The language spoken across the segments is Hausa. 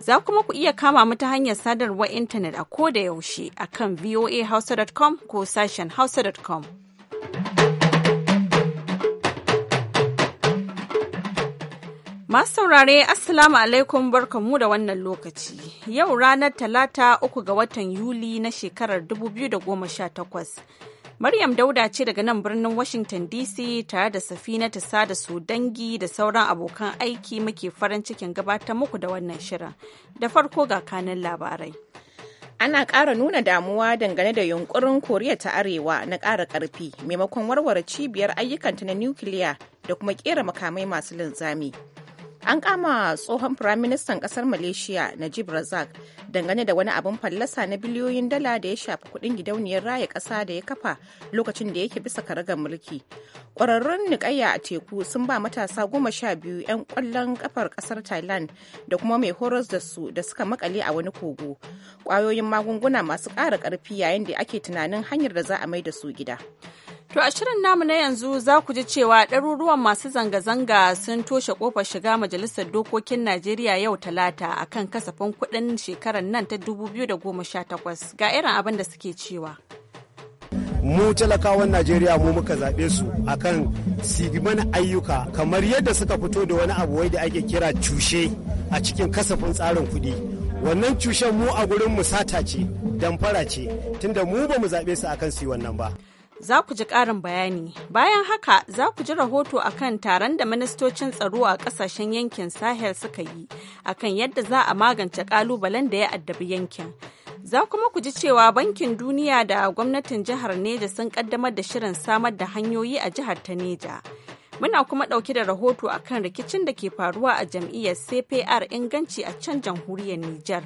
Za kuma ku iya kama mu ta hanyar sadarwar intanet a ko da yaushe a kan voahausa.com ko sashen hausa.com. Masu saurare Assalamu alaikum barkanmu da wannan lokaci. Yau ranar Talata uku ga watan Yuli na shekarar 2018. Maryam Dauda ce daga nan birnin Washington DC tare da safina ta sa da su dangi da sauran abokan aiki muke farin cikin gabatar muku da wannan shirin. Da farko ga kanin labarai. Ana ƙara nuna damuwa dangane da yunkurin Koriya ta Arewa na ƙara ƙarfi maimakon warware cibiyar ayyukanta na nukiliya da kuma ƙera makamai masu linzami. An kama tsohon firaministan kasar Malaysia Najib Razak dangane da wani abin fallasa na biliyoyin dala da ya shafi kudin gidauniyar raya kasa da ya kafa lokacin da yake bisa karagar mulki. ƙwararrun niƙayya a teku sun ba matasa goma sha biyu 'yan ƙwallon kafar kasar Thailand da kuma mai horas da su da suka makale a wani kogo. Ƙwayoyin magunguna masu ƙara ƙarfi yayin da ake tunanin hanyar da za a mai da su gida. To a shirin namu na yanzu za ku ji cewa ɗaruruwan masu zanga-zanga sun toshe kofar shiga Majalisar Dokokin Najeriya yau Talata a kan kasafin kuɗin shekarar nan ta 2018 ga irin abin da suke cewa. Mu talakawan Najeriya mu muka zaɓe su a kan sigiman ayyuka kamar yadda suka fito da wani abu wai da ake kira cushe a cikin kasafin tsarin kuɗi. Wannan cushen mu a gurin mu sata ce, damfara ce, tunda mu ba mu zaɓe su akan su yi wannan ba. za ku ji ƙarin bayani. Bayan haka za ku ji rahoto akan taron da ministocin tsaro a ƙasashen yankin Sahel suka yi akan yadda za a magance ƙalubalen da ya addabi yankin. Za kuma ku ji cewa Bankin Duniya da gwamnatin jihar Neja sun ƙaddamar da shirin samar da hanyoyi a jihar ta Neja. Muna kuma ɗauke da rahoto a kan rikicin da ke faruwa a jam'iyyar CPR inganci a can jamhuriyar Nijar.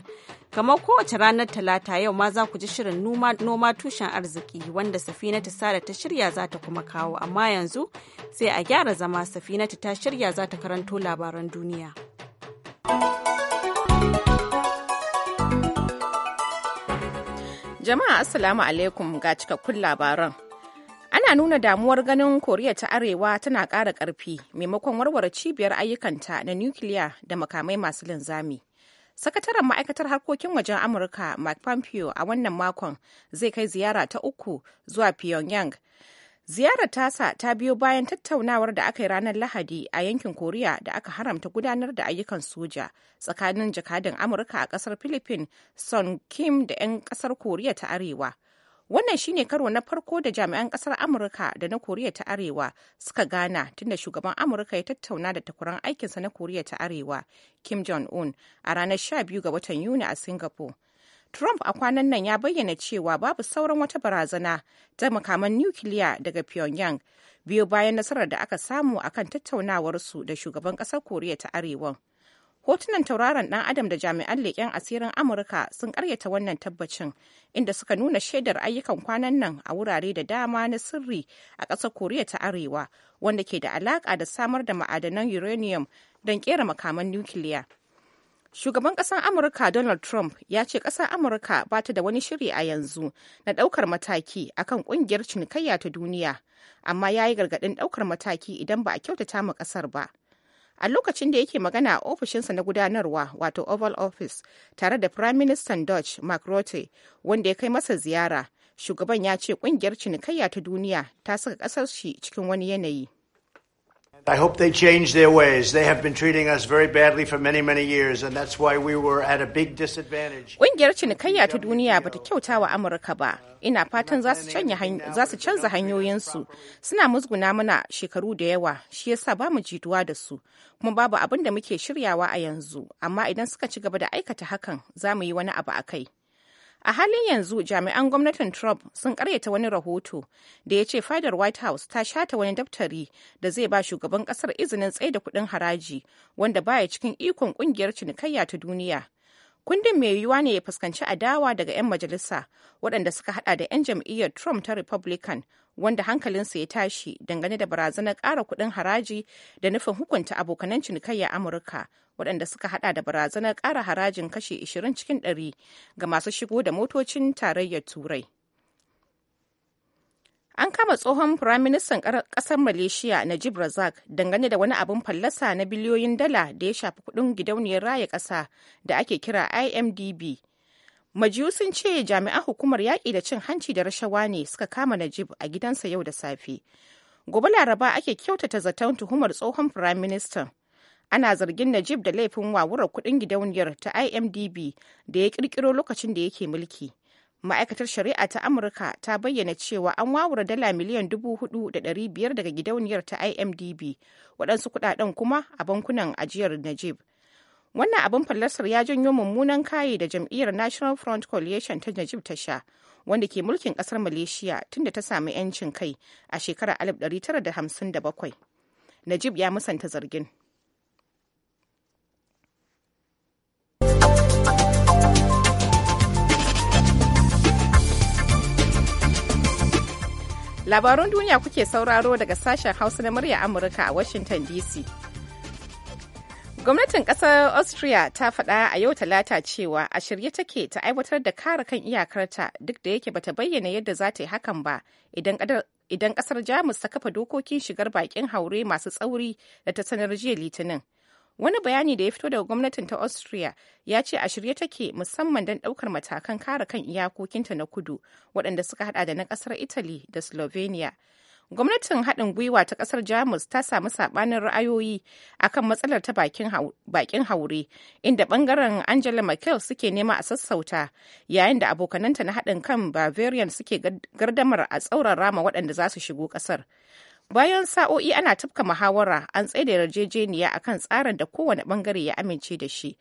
Kamar kowace ranar Talata yau ma za ku ji shirin noma tushen arziki wanda Safinatu Sada ta shirya za ta kuma kawo amma yanzu sai a gyara zama Safinatu ta shirya za ta karanto labaran duniya. Jama'a Assalamu alaikum ga cikakkun labaran. ana nuna damuwar ganin koriya ta arewa tana ƙara ƙarfi maimakon warware cibiyar ayyukanta na nukiliya da makamai masu linzami sakataren ma'aikatar harkokin wajen amurka mike pompeo a wannan makon zai kai ziyara ta uku zuwa pyongyang ziyarar tasa ta biyo bayan tattaunawar da aka yi ranar lahadi a yankin koriya da aka haramta gudanar da ayyukan soja tsakanin jakadin amurka a kasar philippines son kim da 'yan kasar koriya ta arewa Wannan shine karo na farko da jami'an kasar Amurka da na Koriya ta Arewa suka gana tunda shugaban Amurka ya tattauna da takwaran aikinsa na Koriya ta Arewa Kim Jong-un a ranar 12 ga watan Yuni a Singapore. Trump a kwanan nan ya bayyana cewa babu sauran wata barazana ta makaman nukiliya daga Pyongyang biyo bayan nasarar da aka samu akan tattaunawarsu da shugaban ƙasar Koriya ta Arewa. hotunan tauraron ɗan adam da jami'an leƙen asirin amurka sun ƙaryata wannan tabbacin inda suka nuna shaidar ayyukan kwanan nan a wurare da dama na sirri a ƙasar koriya ta arewa wanda ke da alaƙa da samar da ma'adanan uranium don ƙera makaman nukiliya shugaban ƙasar amurka donald trump ya ce ƙasar amurka ba ta da wani shiri a yanzu na ɗaukar mataki akan ƙungiyar cinikayya ta duniya amma ya yi gargaɗin ɗaukar mataki idan ba a kyautata ma ƙasar ba a lokacin da yake magana a ofishinsa na gudanarwa wato oval office tare da prime minister dutch mark rutte wanda ya kai masa ziyara shugaban ya ce kungiyar cinikayya ta duniya ta saka kasar shi cikin wani yanayi I hope they change their ways. They have been treating us very badly for many, many years, and that's why we were at a big disadvantage. Ƙungiyar cinikayya ta duniya bata kyauta wa Amurka ba. Ina fatan za su canza hanyoyinsu. Suna musguna mana shekaru da yawa, shi yasa ba mu jituwa da su. Kuma babu abin da muke shiryawa a yanzu, amma idan suka ci gaba da aikata hakan, za mu yi wani abu a kai. A halin yanzu jami'an gwamnatin Trump sun karyata wani rahoto da ya ce fadar White House ta shata wani daftari da zai ba shugaban kasar izinin tsaida kuɗin haraji wanda baya cikin ikon kungiyar cinikayya ta duniya. Kundin mai yiwuwa ne ya fuskanci adawa daga 'yan majalisa waɗanda suka hada da 'yan jam'iyyar Trump ta Republican wanda hankalinsa ya tashi dangane da barazanar ƙara kuɗin haraji da nufin hukunta abokanan cinikayya amurka waɗanda suka hada da barazanar ƙara harajin kashe 20 cikin 100 ga masu shigo da motocin tarayyar turai an kama tsohon firaministan ƙasar malaysia najib razak dangane da wani abin fallasa na biliyoyin dala da ya shafi kuɗin gidauniyar raya ƙasa da ake kira imdb majiyu sun ce jami'an hukumar yaƙi da cin hanci da rashawa ne suka kama najib a gidansa yau da safe gobe laraba ake kyautata zaton tuhumar tsohon firaministan ana zargin najib da laifin wawurar kuɗin gidauniyar ta imdb da ya ƙirƙiro lokacin da yake mulki ma'aikatar shari'a ta amurka ta bayyana cewa an wawura dala miliyan dubu hudu da ɗari biyar daga gidauniyar ta imdb waɗansu kuɗaɗen kuma a bankunan ajiyar najib wannan abin fallasar ya janyo mummunan kayi da jam'iyyar national front coalition ta najib ta sha wanda ke mulkin kasar malaysia tunda ta sami 'yancin kai a shekarar 1957 najib ya musanta zargin labarun duniya kuke sauraro daga sashen hausa na murya amurka a washington dc Gwamnatin ƙasar Austria ta faɗa a yau talata cewa a shirye take ta aiwatar da kare kan iyakarta duk da yake bata bayyana yadda za ta yi hakan ba idan ƙasar Jamus ta kafa dokokin shigar baƙin haure masu tsauri da ta sanar jiya Litinin. Wani bayani da ya fito daga gwamnatin ta Austria ya ce a shirye take musamman don ɗaukar matakan kare kan iyakokinta na kudu waɗanda suka haɗa da na ƙasar Italy da Slovenia. gwamnatin haɗin gwiwa ta ƙasar jamus ta samu saɓanin ra'ayoyi akan matsalar ta bakin haure inda ɓangaren angela merkel suke nema a sassauta yayin da abokananta na haɗin kan bavarian suke gardamar a tsauran rama waɗanda za su shigo ƙasar bayan sa'o'i ana tafka muhawara an da yarjejeniya akan tsarin da kowane ɓangare ya amince da shi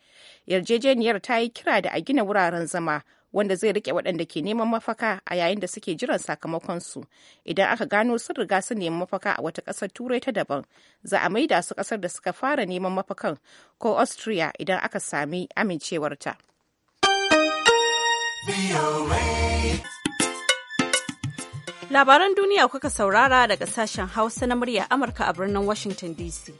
yarjejeniyar ta yi kira da a gina wuraren zama wanda zai rike waɗanda ke neman mafaka a yayin da suke jiran sakamakonsu idan aka gano sun riga su nemi mafaka a wata ƙasar turai ta daban za a maida su ƙasar da suka fara neman mafakan ko austria idan aka sami amincewarta labaran duniya kuka saurara daga sashen hausa na murya amurka a birnin washington dc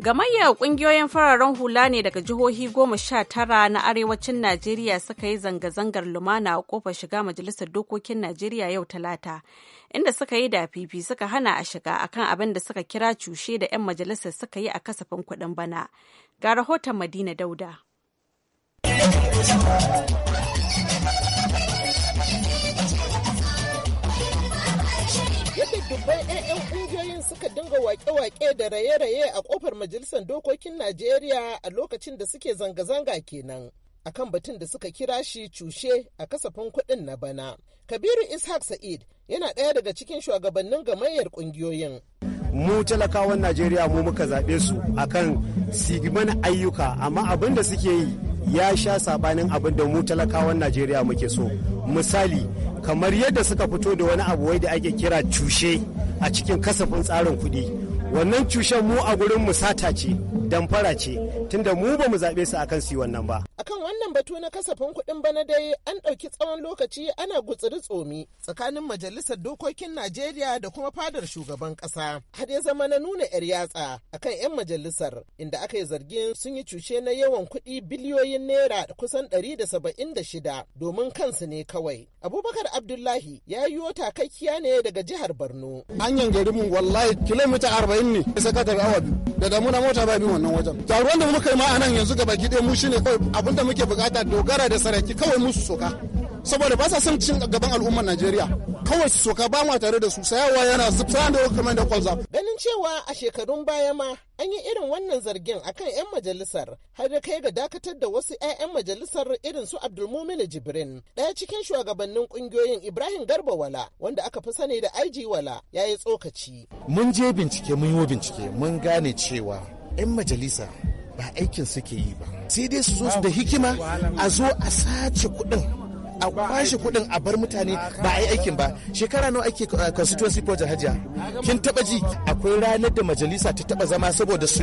gamayya kungiyoyin fararen hula ne daga jihohi goma sha tara na arewacin Najeriya suka yi zanga-zangar lumana a kofar shiga Majalisar Dokokin Najeriya yau Talata, inda suka yi dafifi suka hana a shiga akan abin da suka kira cushe da 'yan majalisar suka yi a kasafin kuɗin bana. Ga rahoton Madina Dauda. dubban 'ya'yan ƙungiyoyin suka dinga waƙe-waƙe da raye-raye a ƙofar majalisar dokokin najeriya a lokacin da suke zanga-zanga kenan akan batun da suka kira shi cushe a kasafin kuɗin na bana kabiru ishaq sa'id yana ɗaya daga cikin shugabannin gamayyar ƙungiyoyin mu talakawan najeriya mu muka zaɓe su akan sigiman ayyuka amma abin da suke yi ya sha sabanin abin da mu talakawan najeriya muke so misali kamar yadda suka fito da wani abu wai da ake kira cushe a cikin kasafin tsarin kuɗi wannan cushen mu a gurin mu sata ce damfara ce tunda mu ba mu zaɓe su akan su wannan ba. Akan wannan batu na kasafin kuɗin bana dai an ɗauki tsawon lokaci ana gutsiri tsomi tsakanin majalisar dokokin Najeriya da kuma fadar shugaban ƙasa. Har ya zama na nuna 'yar yatsa akan 'yan majalisar inda aka yi zargin sun yi cuce na yawan kuɗi biliyoyin naira da kusan shida domin kansu ne kawai. Abubakar Abdullahi ya yi wata takakkiya ne daga jihar Borno. Hanyar garinmu wallahi kilomita arba'in ne sakatar awa biyu da damuna mota ba bi wannan wajen. Taruwan da kai ma anan yanzu gaba gide mu shine kawai da muke bukata dogara da saraki kawai musu soka saboda ba sa son cin gaban al'ummar Najeriya kawai su soka ba ma tare da su sayawa yana zubta da hukumar da kwanza ganin cewa a shekarun baya ma an yi irin wannan zargin akan 'yan majalisar har da kai ga dakatar da wasu 'ya'yan majalisar irin su Abdulmumin Jibrin ɗaya cikin shugabannin kungiyoyin Ibrahim Garba Wala wanda aka fi sani da IG Wala ya tsokaci mun je bincike mun yi bincike mun gane cewa 'yan majalisa ba aikin suke yi ba sai dai su zo da hikima a zo a sace kuɗin a kwashe kuɗin a bar mutane ba a yi aikin ba shekara nawa ake eh, constituency project hajiya kin taba ji akwai ranar da majalisa ta taba zama saboda su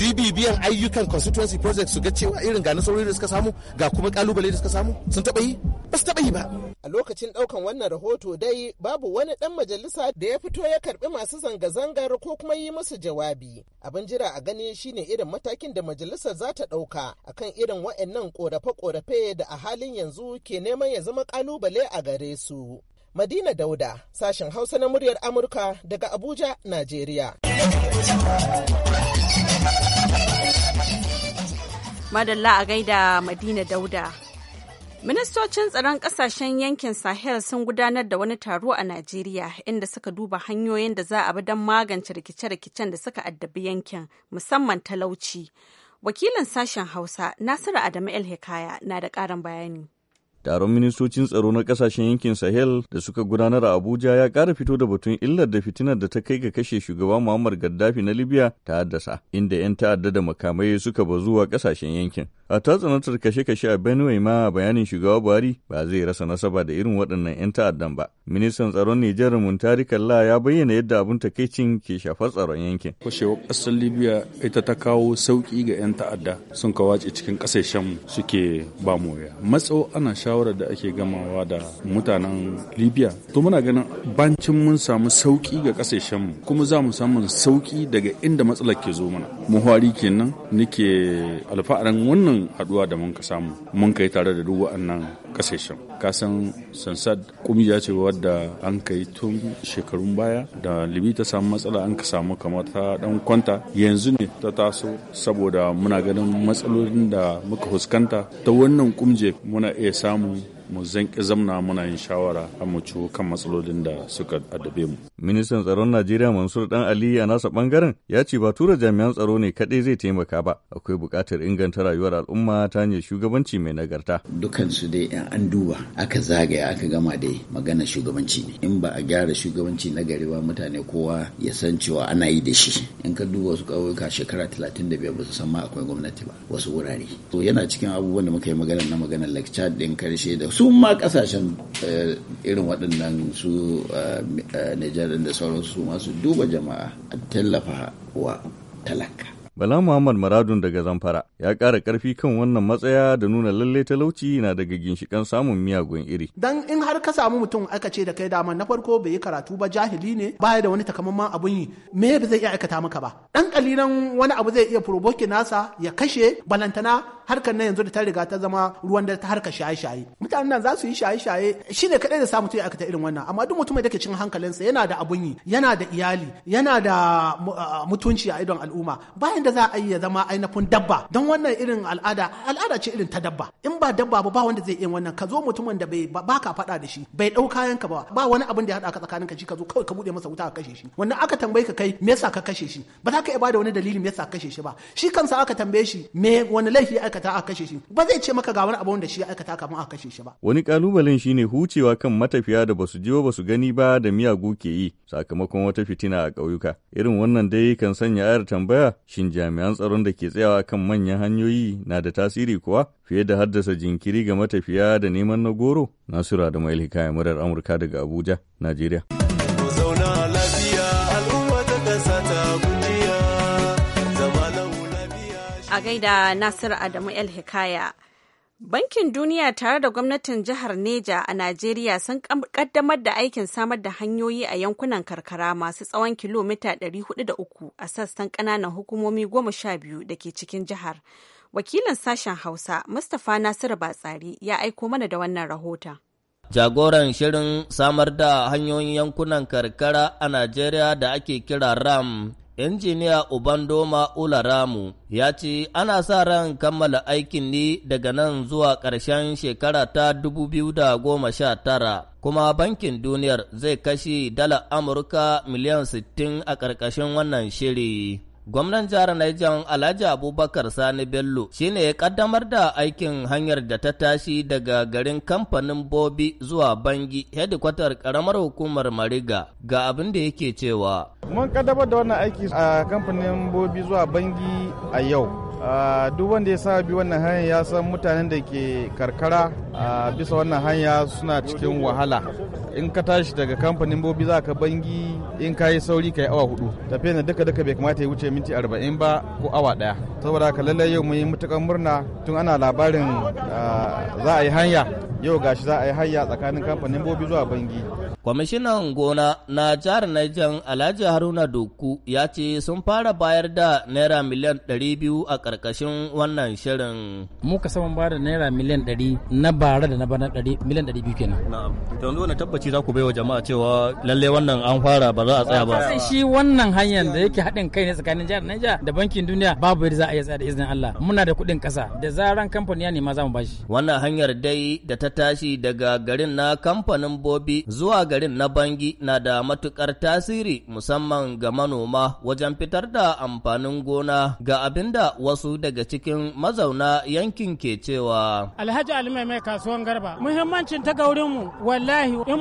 yi bibiyan ayyukan constituency project su ga cewa irin ga nasarori da suka samu ga kuma kalubale da suka samu sun taba yi ba su taba yi ba a lokacin daukan wannan rahoto dai babu wani dan majalisa da ya fito ya karbi masu zanga-zangar ko kuma yi musu jawabi abin jira a gani shine irin matakin da majalisa za ta dauka akan irin waɗannan korafe-korafe da a halin yanzu ke neman ya zama kalubale a gare su. Madina Dauda, sashen Hausa na muryar Amurka daga Abuja, Najeriya. Madalla a gaida Madina Dauda. Ministocin tsaron ƙasashen yankin Sahel sun gudanar da wani taro a Najeriya inda suka duba hanyoyin da za a bi don magance rikice-rikicen da suka addabi yankin musamman talauci. Wakilin sashen Hausa Nasiru Adamu El Hikaya na da ƙarin bayani. Taron ministocin tsaro na kasashen yankin Sahel da suka gudanar a Abuja ya ƙara fito da batun illar da fitinar da ta kai ga kashe shugaba Muammar Gaddafi na Libya ta haddasa, inda 'yan ta'adda da makamai suka bazuwa kasashen yankin. A tatsanantar kashe-kashe a Benue ma bayanin shugaba Buhari ba zai rasa nasaba da irin waɗannan 'yan ta'addan ba. Ministan tsaron Nijar Muntari Kalla ya bayyana yadda abin takaicin ke shafar tsaron yankin. Kushewar ƙasar Libya ita ta kawo sauƙi ga 'yan ta'adda sun kawace cikin ƙasashen suke ba moya. Matso ana shawarar da ake gamawa da mutanen Libya. To muna ganin bancin mun samu sauƙi ga ƙasashen kuma za mu samu sauƙi daga inda matsalar ke zo mana. Muhari kenan nake alfa'arin wannan haduwa da mun ka samu mun kai tare da duk waɗannan kasashen kasan sansad kungiya ce wadda an kai tun shekarun baya da libi ta samu matsala an ka samu kamar ta dan kwanta yanzu ne ta taso saboda muna ganin matsalolin da muka fuskanta ta wannan kumje muna iya samu mu zanki zamna muna yin shawara a mu ci kan matsalolin da suka addabe mu. Ministan tsaron Najeriya Mansur Dan Ali a nasa bangaren ya ce ba tura jami'an tsaro ne kaɗai zai taimaka ba akwai buƙatar inganta rayuwar al'umma ta hanyar shugabanci mai nagarta. Dukansu dai in an duba aka zagaya aka gama da magana shugabanci ne in ba a gyara shugabanci na gari ba mutane kowa ya san cewa ana yi da shi in ka duba wasu ƙauyuka shekara talatin da biyar ba su san ma akwai gwamnati ba wasu wurare. To yana cikin abubuwan da muka yi magana na maganar lecture ɗin karshe da su ma kasashen eh, irin waɗannan su eh, nijar da sauransu masu duba jama'a a tallafa wa talaka Bala Muhammad Maradun daga Zamfara ya kara karfi kan wannan matsaya da nuna lallai talauci na daga ginshikan samun miyagun iri. Dan in har ka samu mutum aka ce da kai dama na farko bai yi karatu ba jahili ne baya da wani takamaiman abun yi me ba zai iya aikata maka ba. Dan kalilan wani abu zai iya furoboki nasa ya kashe balantana harkar na yanzu da ta riga ta zama ruwan da ta harka shaye-shaye. Mutanen nan za su yi shaye-shaye shi ne kaɗai da sa mutum ya aikata irin wannan amma duk mutumin da ke cin hankalinsa yana da abun yi yana da iyali yana da mutunci a idon al'umma bayan da yadda za a yi ya zama ainihin dabba don wannan irin al'ada al'ada ce irin ta dabba in ba dabba ba ba wanda zai iya wannan ka zo mutumin da bai ba ka faɗa da shi bai ɗau kayan ka ba ba wani abin da ya haɗa ka tsakanin ka shi ka zo kawai ka buɗe masa wuta ka kashe shi wannan aka tambaye ka kai me yasa ka kashe shi ba za ka iya bada wani dalili me yasa ka kashe shi ba shi kansa aka tambaye shi me wani laifi ya aikata aka kashe shi ba zai ce maka ga wani abin da shi ya aikata kafin aka kashe shi ba wani kalubalen shine hucewa kan matafiya da basu ba su gani ba da miyagu ke yi sakamakon wata fitina a ƙauyuka irin wannan dai kan sanya ayar tambaya shin jami'an tsaron da ke tsayawa kan manyan hanyoyi na da tasiri kuwa fiye da haddasa jinkiri ga matafiya da neman na goro? Nasura da mai Hikaya murar Amurka daga Abuja, Najeriya. A gaida Nasiru Adamu El Hikaya. Bankin Duniya tare da gwamnatin jihar Neja a Najeriya sun kaddamar da aikin samar da hanyoyi a yankunan karkara masu tsawon kilomita 403 a sassan ƙananan hukumomi 12 da ke cikin jihar. Wakilin sashen Hausa, Mustapha Nasiru Batsari, ya aiko mana da wannan rahoton. Jagoran shirin samar da hanyoyin yankunan karkara a Najeriya da ake kira RAM, injiniya Ubandoma Ularamu ya ce ana sa ran kammala aikin ne daga nan zuwa ƙarshen shekara ta da goma sha tara, kuma bankin duniyar zai kashe dala Amurka miliyan sittin a ƙarƙashin wannan shiri. Gwamnan jihar Niger Alhaji Abubakar Sani Bello shine ya kaddamar da aikin hanyar da ta tashi daga garin kamfanin Bobi zuwa Bangi hedikwatar karamar hukumar Mariga ga abin da yake cewa. Mun kaddamar da wannan aiki a kamfanin Bobi zuwa Bangi a yau. Ah, duk wanda ya sa bi wannan hanyar ya san mutanen da ke karkara a ah, bisa wannan hanya suna cikin wahala in ka tashi daga kamfanin bobi za ka bangi in ka yi sauri ka yi awa hudu tafiya na duka duka bai kamata ya wuce minti arba'in ba ko awa daya saboda ka lallai yau mun yi mutukan murna tun ana labarin ah, za a yi hanya yau gashi za a yi hanya tsakanin kamfanin bobi zuwa bangi Kwamishinan gona na jihar Niger Alhaji Haruna Doku ya ce sun fara bayar da naira miliyan 200 a ƙarƙashin wannan shirin. Muka saman ba da naira miliyan 100 na bara da na bana miliyan 200 kenan. Na'am. To yanzu wani tabbaci za ku baiwa jama'a cewa lalle wannan an fara ba za a tsaya ba. Kasan shi wannan hanyar da yake haɗin kai ne tsakanin jihar Niger da bankin duniya babu yadda za a iya tsaya da izinin Allah. Muna da kuɗin ƙasa da zaran kamfani ya nema za mu bashi. Wannan hanyar dai da ta tashi daga garin na kamfanin Bobi zuwa garin na Bangi na da matuƙar tasiri musamman ga manoma wajen fitar da amfanin gona ga abin da wasu daga cikin mazauna yankin ke cewa. Alhaji Alimai mai kasuwan garba. Muhimmancin ta gaurinmu wallahi in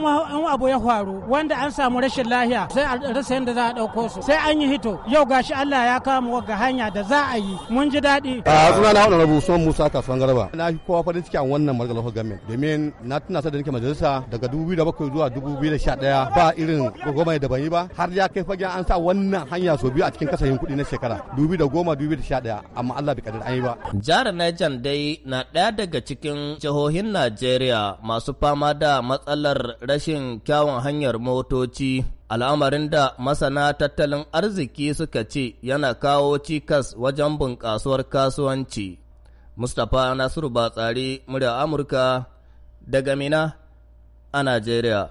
abu ya faru wanda an samu rashin lahiya sai a rasa yadda za a ɗauko su sai an yi hito yau gashi Allah ya kama ga hanya da za a yi mun ji daɗi. A suna na honorable Musa kasuwan garba. Na fi kowa farin ciki a wannan margalar gamin domin na tuna sa da nake majalisa daga dubu biyu da bakwai zuwa dubu 2011 ba irin goma da ban yi ba har ya kai fagen an sa wannan hanya sau biyu a cikin kasashen kuɗi na shekara 2010-2011 amma Allah bai kadar an yi ba. Jihar Niger dai na ɗaya daga cikin jihohin Najeriya masu fama da matsalar rashin kyawun hanyar motoci. Al'amarin da masana tattalin arziki suka ce yana kawo cikas wajen bunƙasuwar kasuwanci. Mustapha Nasiru Batsari, murya Amurka, daga Mina a Najeriya.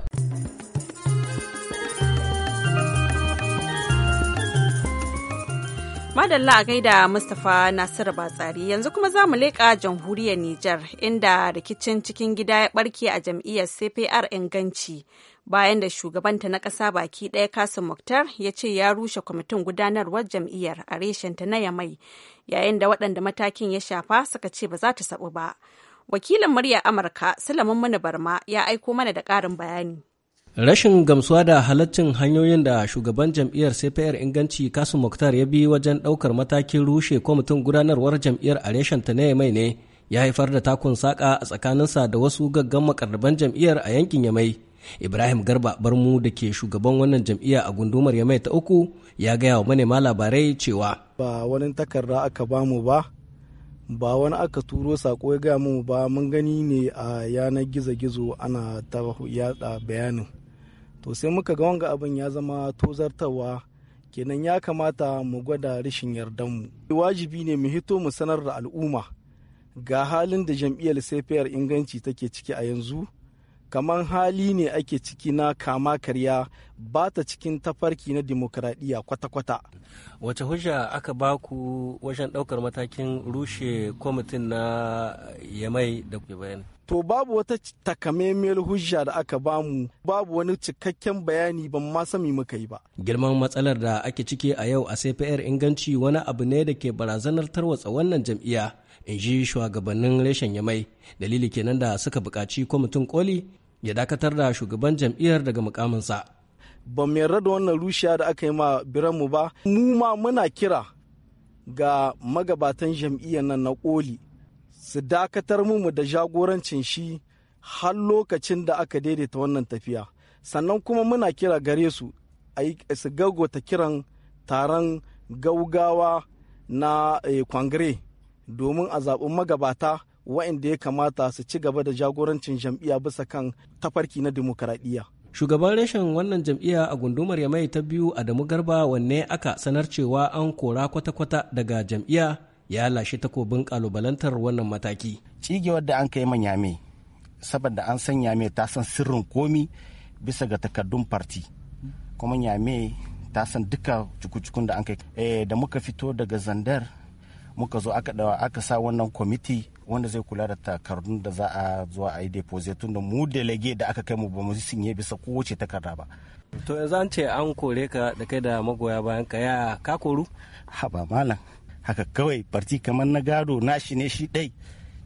Madalla a gaida Mustapha Nasiru Batsari yanzu kuma za mu leƙa jamhuriyar Nijar inda rikicin cikin gida ya ɓarke a jam'iyyar CPR inganci bayan da shugabanta na ƙasa baki ɗaya Kasim Muktar ya ce ya rushe kwamitin gudanarwar jam'iyyar a reshenta na Yamai yayin da waɗanda matakin ya shafa suka ce ba za ta saɓu ba. Wakilin murya Amurka, Sulaiman mana Barma, ya aiko mana da karin bayani. Rashin gamsuwa da halaccin hanyoyin da shugaban jam'iyyar CPR inganci Kasu Muktar ya bi wajen ɗaukar matakin rushe kwamitin gudanarwar jam'iyyar a reshen ta mai ne ya haifar da takun saƙa a tsakaninsa da wasu gaggan makarraban jam'iyyar a yankin Yamai. Ibrahim Garba Barmu da ke shugaban wannan jam'iyya a gundumar Yamai ta uku ya gaya wa manema labarai cewa. Ba wani takarda aka bamu ba, ba wani aka turo sako ya gaya mu ba mun gani ne a yanar gizo-gizo ana ta yada bayanin to sai muka ga wanga abin ya zama tozartawa kenan ya kamata mu gwada rashin yardanmu wajibi ne mu hito mu sanar da al'umma ga halin da jam'iyyar safiyar inganci take ciki a yanzu kamar hali ne ake ciki na kama karya ba ta cikin tafarki na demokradiyya kwata-kwata. Wace hujja aka baku wajen ɗaukar matakin rushe kwamitin na yamai da kuke bayani? To babu wata takamaimiyar hujja da aka bamu babu wani cikakken bayani ban ma sami muka yi ba. Girman matsalar da ake ciki a yau a CPR inganci wani abu ne da ke barazanar tarwatsa wannan jam'iyya. in ji shugabannin reshen yamai dalili kenan da suka buƙaci kwamitin koli ya dakatar da shugaban jam'iyyar daga mukaminsa ba mu yarda da wannan rushiya da aka yi ma biranmu ba mu ma muna kira ga magabatan jam'iyyar nan na koli su dakatar mu da jagorancin shi har lokacin da aka daidaita wannan tafiya sannan kuma muna kira gare su su gaggota kiran taron gaugawa na kwangire eh, domin a zaɓin magabata waɗanda ya kamata su ci gaba da jagorancin jam'iyya bisa kan tafarki na dimokuraɗiyya. Shugaban reshen wannan jam'iyya a gundumar Yamai ta biyu a Adamu Garba wanne aka sanar cewa an kora kwata-kwata daga jam'iyya ya lashe takobin kalubalantar wannan mataki. Cigewar da an kai man Yame, saboda an san Yame ta san sirrin komi bisa ga takardun farti. Kuma Yame ta san duka cuku da an kai. Eh, da muka fito daga Zandar muka zo aka dawa aka sa wannan kwamiti wanda zai kula da takardun da za a zuwa a yi deposit tun da mu delege da aka kai mu ba mu sinye bisa kowace takarda ba to yanzu an ce an kore ka da kai da magoya bayan ka ya ka koru haba malam haka kawai farti kamar na gado na shi ne shi dai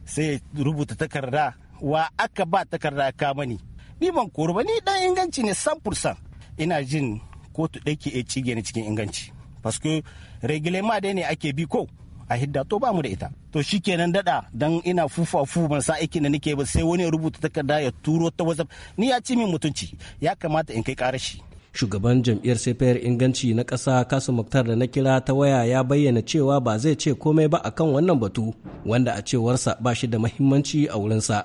sai rubuta takarda wa aka ba takarda ka mani ni ban koru ba ni dan inganci ne 100% ina jin kotu dake ke cige ni cikin inganci paske regulema dai ne ake bi ko a hidda to ba mu da ita to shi kenan dada dan ina fufa fu ban sa aikin da nake ba sai wani rubuta takarda ya turo ta whatsapp ni ya ci min mutunci ya kamata in kai karashi shugaban jam'iyyar sefayar inganci na ƙasa kasu muktar da na kira ta waya ya bayyana cewa ba zai ce komai ba akan wannan batu wanda a cewarsa ba shi da mahimmanci a wurinsa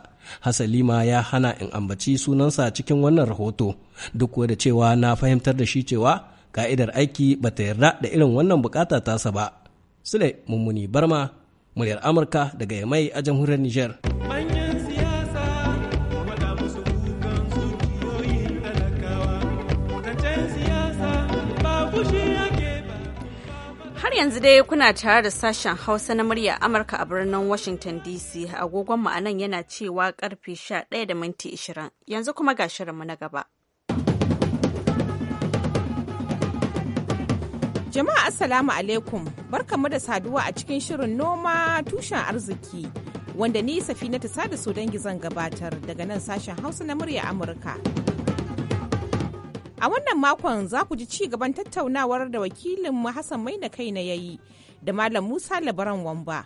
hasalima ya hana in ambaci sunansa cikin wannan rahoto duk da cewa na fahimtar da shi cewa ka'idar aiki ba ta yarda da irin wannan bukata tasa ba Sule Mummuni Barma, muryar Amurka daga Yamai a jamhuriyar Nijar. Har yanzu dai kuna tare da sashen Hausa na murya Amurka a birnin Washington DC agogon ma'anan nan yana cewa karfe 11 da minti 20 yanzu kuma ga shirinmu na gaba. Jama'a Assalamu alaikum barkamu da saduwa a cikin shirin noma tushen arziki wanda ni safina ta sada so dangi zan gabatar daga nan sashen hausa na murya Amurka. A wannan makon za ku ji ci gaban tattaunawar da wakilinmu Hassan Maina kai na yayi da Malam Musa Labaran Wamba,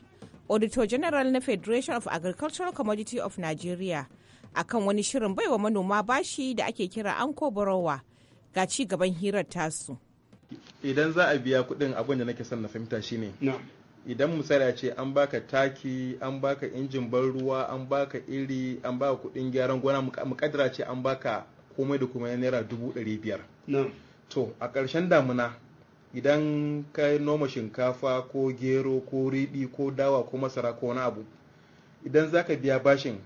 Auditor General na Federation of Agricultural Commodity of Nigeria, akan wani shirin baiwa manoma bashi da ake kira Anko Borowa ga ci gaban hirar tasu. idan za a biya kuɗin abin da nake son na fahimta shine idan misali ce an baka taki an baka injin ban ruwa an baka iri an baka kuɗin gyaran gona mukaddara ce an baka komai da kuma naira dubu ɗari biyar to a ƙarshen damuna idan ka noma shinkafa ko gero ko riɗi ko dawa ko masara ko wani abu idan za ka biya bashin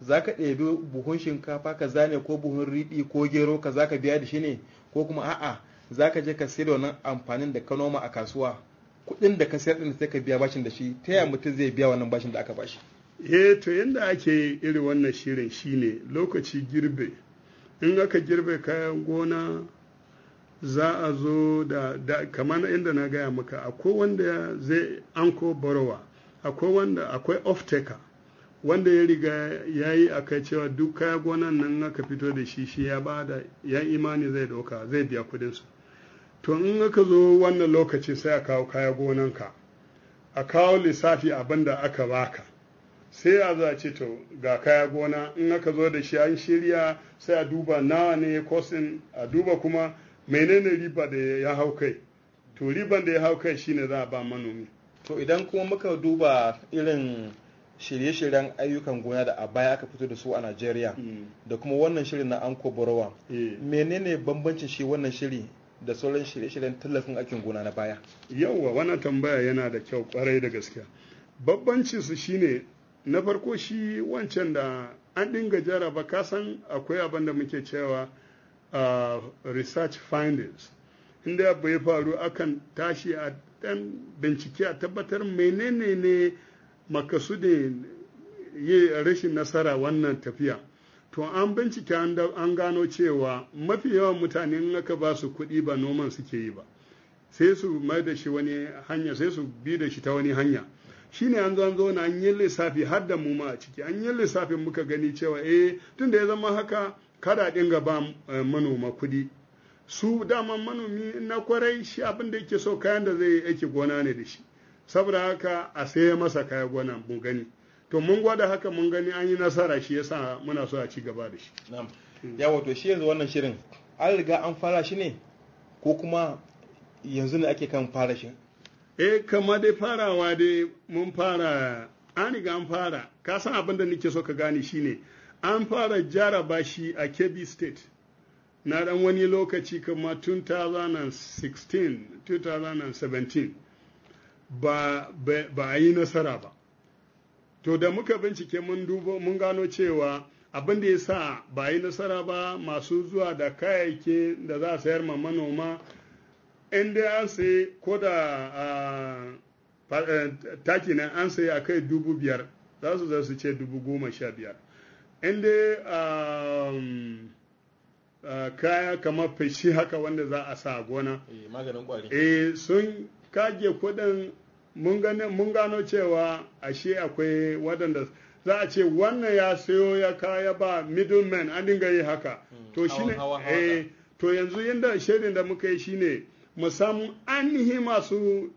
za ka ɗebi buhun shinkafa ka zane ko buhun riɗi ko gero ka za ka biya da shi ne ko kuma a'a za ka je ka sayar da wannan amfanin da ka noma a kasuwa kuɗin da ka sayar din sai ka biya bashin da shi ta yaya mutum zai biya wannan bashin da aka bashi eh to yanda ake irin wannan shirin shine lokaci girbe in aka girbe kayan gona za a zo da, da kamar inda na gaya maka akwai wanda zai anko barowa akwai wanda akwai off-taker wanda ya riga ya yi a kai cewa duk kaya gonan nan aka fito da shi shi ya bada yan imani zai doka zai biya kudinsu to in aka zo wannan lokaci sai a kawo kaya gonanka a kawo lissafi abin da aka baka sai a za ce to ga kaya gona in aka zo da shi an shirya sai a duba nawa ne kosin a duba kuma menene riba da ya hau kai to riban da ya hau kai shine za a ba manomi to idan kuma muka duba irin shirye-shiryen ayyukan gona da a baya aka fito da su a Najeriya mm. da kuma wannan shirin na anko borowa eh. menene bambancin shi wannan shiri da sauran shirye-shiryen tallafin aikin gona na baya wa wannan tambaya yana da kyau kwarai da gaskiya babbanci su shine na farko shi wancan da an dinga jaraba san akwai abin da muke cewa research findings inda abu ya faru akan tashi a dan bincike a tabbatar menene ne makasudin yi rashin nasara wannan tafiya to an bincike an gano cewa mafi yawan mutane in aka ba su kuɗi ba noman suke yi ba sai su mai da shi wani hanya sai su bi da shi ta wani hanya shine an zo zo an yi lissafi har da mu ma a ciki an yi lissafin muka gani cewa eh tun da ya zama haka kada dinga ba eh, manoma kuɗi su dama manomi na kwarai shi abin da yake so kayan da zai aiki gona ne da shi saboda haka a saya masa kaya gona mu gani to mun gwada haka mun gani an yi nasara shi yasa muna so a ci gaba da shi ya wato shi yanzu wannan shirin an riga an fara shi ne ko kuma yanzu ne ake kan fara shi eh kama dai farawa dai mun fara an riga an fara ka san abin da nake so ka gane shine an fara jaraba shi a kebbi state na dan wani lokaci kama 2016 2017 ba a yi nasara ba to da muka bincike mun dubo mun gano cewa abin da ya sa ba yi nasara ba masu zuwa da kayayyaki da za a sayar ma manoma in dai an sai ko da eh, taki na an sai a kai dubu biyar za su za su ce dubu goma sha biyar in dai kaya kamar fashi haka wanda za a sa gona eh, eh sun kage kudin mun gano cewa ashe akwai waɗanda za a ce wannan ya sayo ya kaya ba middleman an dinga yi haka mm. to shine eh to yanzu yadda shirin da muka yi shine mu samu ainihi masu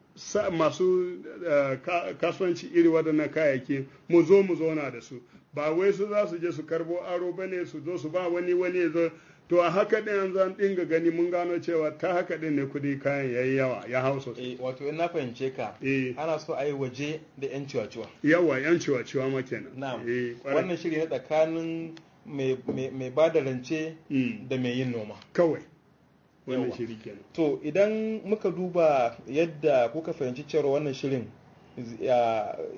masu eh, kasuwanci iri waɗannan kayayyaki mu zo mu zauna da su ba wai su za su je su karbo aro ba ne su zo su ba wani wani ya zo to a haka ɗin yanzu an dinga gani mun gano cewa ta haka ɗin ne kuɗi kayan yayi yawa ya hau sosai. Eh, wato ina fahimce ka eh. ana so a yi waje da yan ciwaciwa. yawa yan ciwaciwa ma kenan. na'am eh, wannan shiri na tsakanin mai ba da rance hmm. da mai yin noma. kawai. wannan shiri kenan. to idan muka duba yadda kuka fahimci cewa wannan shirin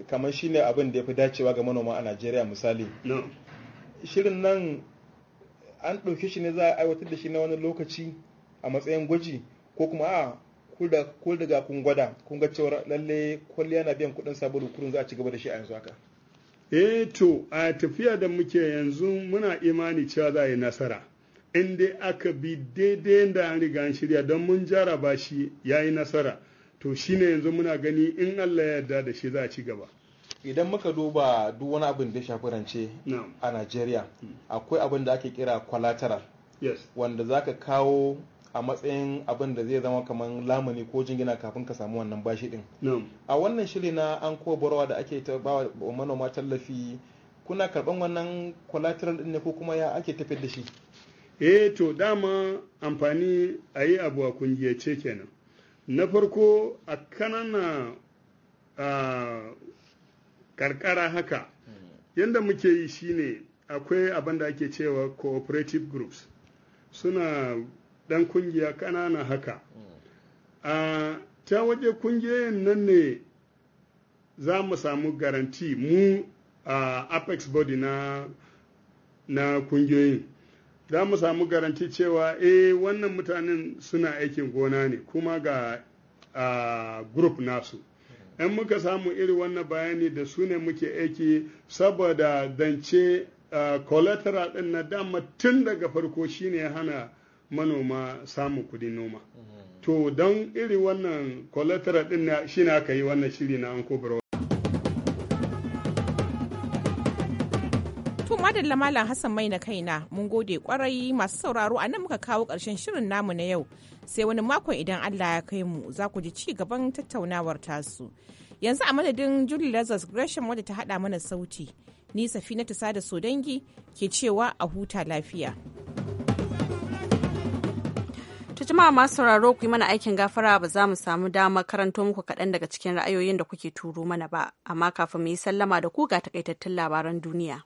kamar shine abin da ya fi dacewa ga manoma a Najeriya misali. shirin nan an ɗauke shi ne za a aiwatar da shi na wani lokaci a matsayin gwaji ko kuma a ko daga kun gwada kun ga cewa lalle kwalliya na biyan kuɗin sabulu kurun za a ci gaba da shi a yanzu haka eh to a tafiya da muke yanzu muna imani cewa za a yi nasara in dai aka bi daidai da an riga an shirya don mun jaraba shi ya yi nasara to shine yanzu muna gani in allah ya yarda da shi za a ci gaba idan muka duba duk wani abin da ya shafi rance a Najeriya hmm. akwai abin da ake kira collateral wanda zaka kawo a matsayin abin da zai zama kamar lamuni ko jingina kafin ka samu wannan bashi din a wannan shiri na an borowa da ake ba wa manoma tallafi kuna karban wannan collateral din ne ko kuma ya ake tafiyar da shi eh to dama amfani a yi abu a ce kenan na farko a kanana karkara haka yadda muke yi shine akwai abin da ake cewa cooperative groups suna dan kungiya kanana haka a ta waje kungiyoyin nan ne za mu samu garanti mu a apex body na na kungiyoyin za mu samu garanti cewa eh wannan mutanen suna aikin gona ne kuma ga a, group nasu in muka samu iri wannan bayani da su ne muke aiki saboda zance collateral din na dama tun daga farko shine hana manoma samu kudin noma mm-hmm. to don iri wannan collateral ɗin shine aka yi wannan shiri na an Madalla Malam Hassan mai na kaina mun gode kwarai masu sauraro a nan muka kawo ƙarshen shirin namu na yau sai wani makon idan Allah ya kai mu za ku ji ci gaban tattaunawar tasu. Yanzu a madadin Julie Lazarus Gresham wadda ta haɗa mana sauti ni Safina Tusa da Sodangi ke cewa a huta lafiya. jama'a masu sauraro ku yi mana aikin gafara ba za mu samu dama karanto muku kaɗan daga cikin ra'ayoyin da kuke turo mana ba amma kafin mu yi sallama da ku ga takaitattun labaran duniya.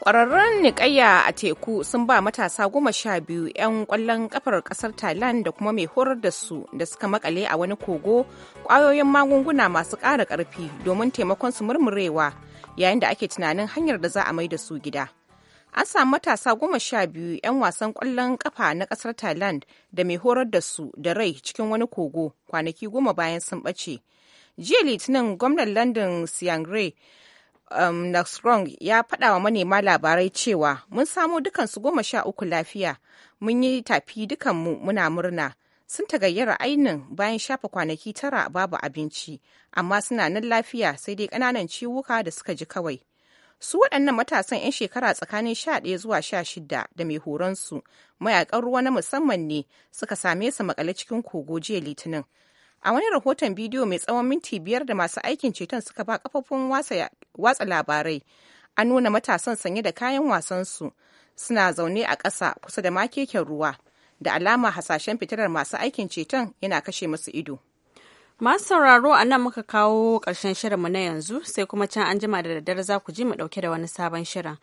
Ƙwararrun niƙayya a teku sun ba matasa goma sha biyu 'yan ƙwallon ƙafar ƙasar Thailand da kuma mai horar da su da suka makale a wani kogo ƙwayoyin magunguna masu ƙara ƙarfi domin taimakon su murmurewa yayin da ake tunanin hanyar da za a mai da su gida. An samu matasa goma sha biyu 'yan wasan ƙwallon ƙafa na ƙasar Thailand da mai horar da su da rai cikin wani kogo kwanaki goma bayan sun ɓace jiya litinin gwamnan london siang ray um, strong ya faɗa wa manema labarai cewa mun samo dukansu goma sha uku lafiya mun yi tafi dukanmu muna murna sun tagayyara ainin bayan shafa kwanaki tara babu abinci amma suna nan lafiya sai dai ƙananan ciwuka da suka ji kawai su waɗannan matasan 'yan shekara tsakanin sha ɗaya zuwa sha 16 da mai horonsu mayakan ruwa na musamman ne suka same su makale cikin kogo jiya litinin A wani rahoton bidiyo mai tsawon minti biyar da masu aikin ceton suka ba kafofin watsa labarai, an nuna matasan sanye da kayan wasansu suna zaune a ƙasa kusa da makeken ruwa, da alama hasashen fitilar masu aikin ceton yana kashe musu ido. Masu sauraro a nan muka kawo ƙarshen shirinmu na yanzu sai kuma can an jima da daddare za ku ji mu ɗauke da wani sabon shirin.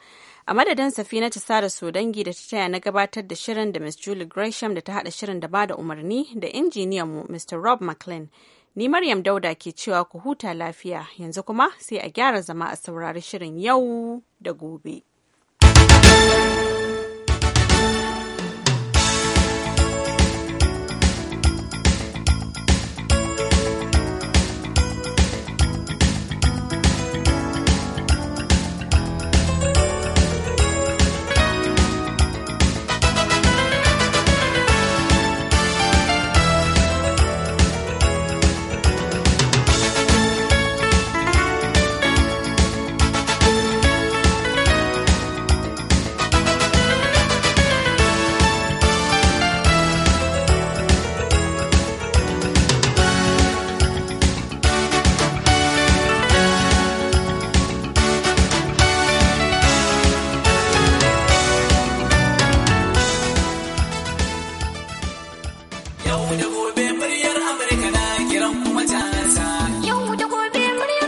A madadin safina ta sada dangi da ta taya na gabatar da shirin da Miss Julie Gresham da ta haɗa shirin da ba da umarni da injiniyanmu Mr. Rob McLean. Ni Maryam Dauda ke cewa ku huta lafiya yanzu kuma sai a gyara zama a saurari shirin yau da gobe.